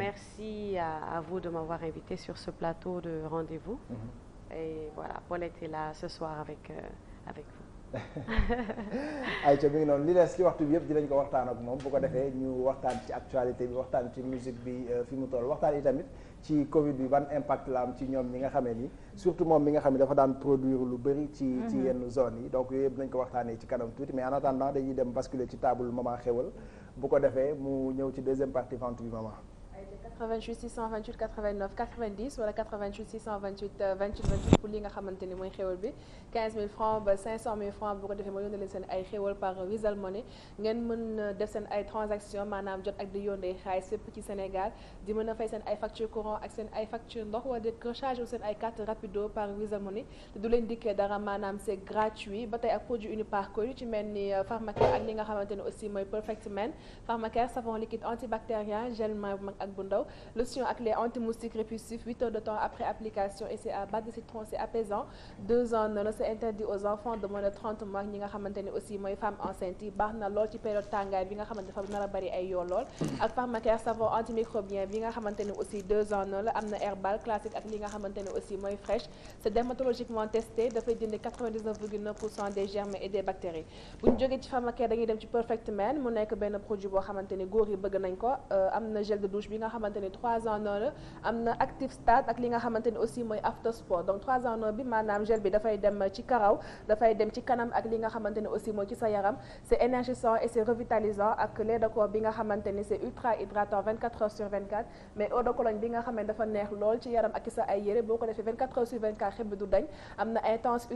Merci à, à, vous de m'avoir invité sur ce plateau de rendez-vous. Mm -hmm. Et voilà, Paul était là ce soir avec, euh, avec vous. ayca mi ngi noonu li des li waxtu bi yëpp dinañ ko waxtaan ak moom bu ko defee ñu waxtaan ci actualité bi waxtaan ci musique bi euh, fi mu toll waxtaan yi tamit ci Covid bi ban impact la am ci ñoom ñi nga xamee ni surtout moom mi nga xam ne dafa daan produire lu bëri ci mhm. ci yenn zone yi donc yooyu yëpp nañ ko waxtaanee ci kanam tuuti mais en attendant dañuy dem basculer ci table maman xewal bu ko defee mu ñëw ci deuxième partie vente bi 88 628 89 90 wala 88 628 28 28 pour li nga xamante ni mooy xéwal bi 15000 francs ba 500000 francs bu ko defee ma yónnee leen seen ay xéwal par Wizall Money ngeen mën euh, def seen ay transactions maanaam jot ak di yónnee xaalis fépp ci Sénégal di mën a fay seen ay facture courant ak seen ay facture ndox wala di recharger seen ay carte rapido par Wizall Money te du leen dikkee dara maanaam c'est gratuit ak produit Uniparco yu ci mel ni euh, Pharmacare ak li nga xamante ni aussi mooy Perfect Men Pharmacare savon liquide antibactérien gel mag ak Ndaw ak les antimoustiques répulsifs 8 heures de temps après application et c'est à base de citron c'est apaisant 2 ans noonu c'est interdit aux enfants de moins ñi nga xamante aussi mooy femmes enceintes baax na lool ci période tàngaay bi nga xamante dafa bari ay yoo ak pharmacare savon antimicrobien bi nga xamante aussi am na herbal classique ak li nga xamante aussi mooy fraîche c'est dermatologiquement testé dafay dindi 99,9 pour cent et des bactéries xamante ni 3 en 1 la am na active stade ak li nga xamante aussi mooy after sport donc 3 en 1 bi maanaam gel bi dafay dem ci karaw dafay dem ci kanam ak li nga xamante aussi mooy ci sa yaram c'est énergisant et c'est revitalisant ak lait bi nga xamante c'est ultra hydratant 24 heures sur 24 mais eau de cologne bi nga xam dafa neex lool ci yaram ak ci sa ay yére boo ko defee 24 heures sur 24 xeb bi du dañ am na intense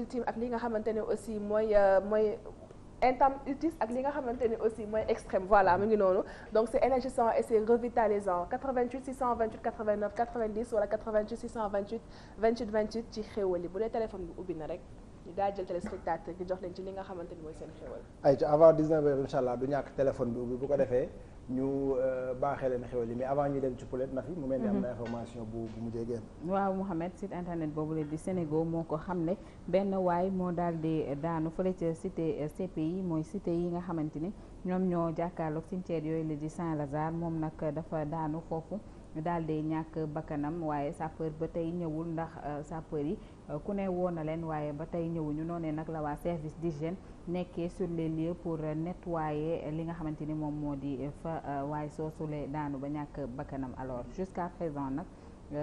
intam utile ak li nga xamante ni aussi mooy extrême voilà mu ngi noonu donc c'est énergisant et c'est revitalisant 88 628 89 90 wala 88 628 28 28 ci xéwal yi bu dee téléphone bi ubbi na rek ñu daal jël téléspectateur gi jox li nga xamante ni mooy seen xéwal. ayca avant 19 heures incha allah du ñàkk téléphone bi ubbi bu ko defee. ñu euh, baaxee leen xewal yi mais avant ñu dem ci poulet na fi mu mel ni am na mhm. information bu bu mujjee génn waaw Mouhamed site internet boobu la di Sénégal moo ko xam ne benn waay moo daal di daanu fële ca cité yi euh, mooy cité yi nga xamante ni ñoom ñoo jàkkaarloog cimetière yooyu la di Saint-Lazare moom nag dafa daanu foofu daal di ñàkk bakkanam waaye sapeur ba tey ñëwul ndax euh, sapeur yi euh, ku ne woo na leen waaye ba tey ñëwuñu noonee nag la waa service di d'hygiène nekkee sur les lieux pour nettoyer li nga xamante ni moom moo di fa euh, waaye soosule daanu ba ñàkk bakkanam alors jusqu'à présent nag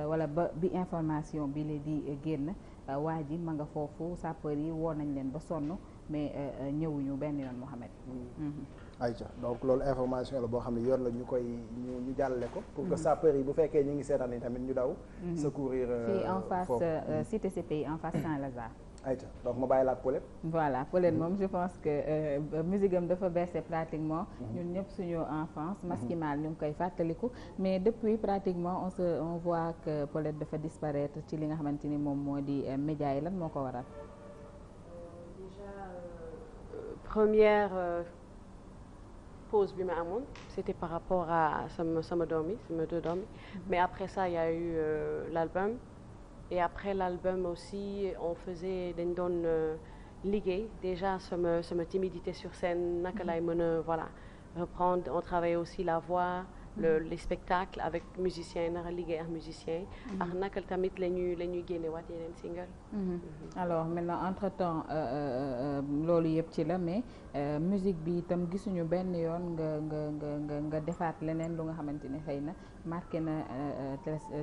wala ba bi information bi la di génn Euh, waa ji ma nga foofu sapeur yi woo nañ leen ba sonn mais euh, euh, ñëwuñu benn yoon Mouhamed. Mm-hmm. ayca donc loolu information la boo xam ne yoon la ñu koy ñu ñu jàllale ko. pour que mm-hmm. sapeur yi bu fekkee ñu ngi seetaan yi tamit ñu daw. Mm-hmm. secourir fii en face cité CPI en face Saint-Lazare. ayca ma bàyyi la ak voilà Paulette mm-hmm. moom je pense que euh, euh, musique am dafa baissé pratiquement. Mm-hmm. ñun ñëpp suñu enfance. Mm-hmm. maskimaal ñu ngi koy fàttaliku. mais depuis pratiquement on se on voit que Paulette dafa disparaître ci li nga xamante ni moom moo di euh, média yi lan moo ko waral. première pause bi ma amoon c'était par rapport à sama sama doom yi sama deux doom mais après ça il a eu l'album. et après l'album aussi on faisait dañ doon euh, liggéey déjà sama sama timidité sur scène naka laay mën a voilà reprendre on travaillait aussi la voix le mm-hmm. les spectacles avec musiciens nara liggéey ak musiciens. Mm-hmm. ak naka tamit la ñuy la ñuy génnewaat yeneen single. Mm-hmm. alors maintenant entre temps euh, euh, loolu yëpp ci la mais musique bi itam gisuñu benn yoon nga nga nga nga defaat leneen lu nga xamante ni xëy na marqué na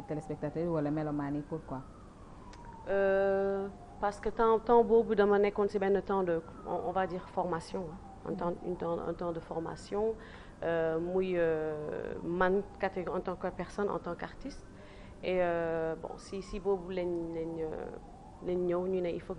téléspectateur wala mélomane yi pourquoi. Euh, parce que temps temps boobu dama nekkoon ci benn temps de on va dire formation un temps une temps un temps de formation euh, muy euh, man catégorie en tant que personne en tant qu'artiste et bon si si boobu lañ lañ lañ ñëw ñu ne il faut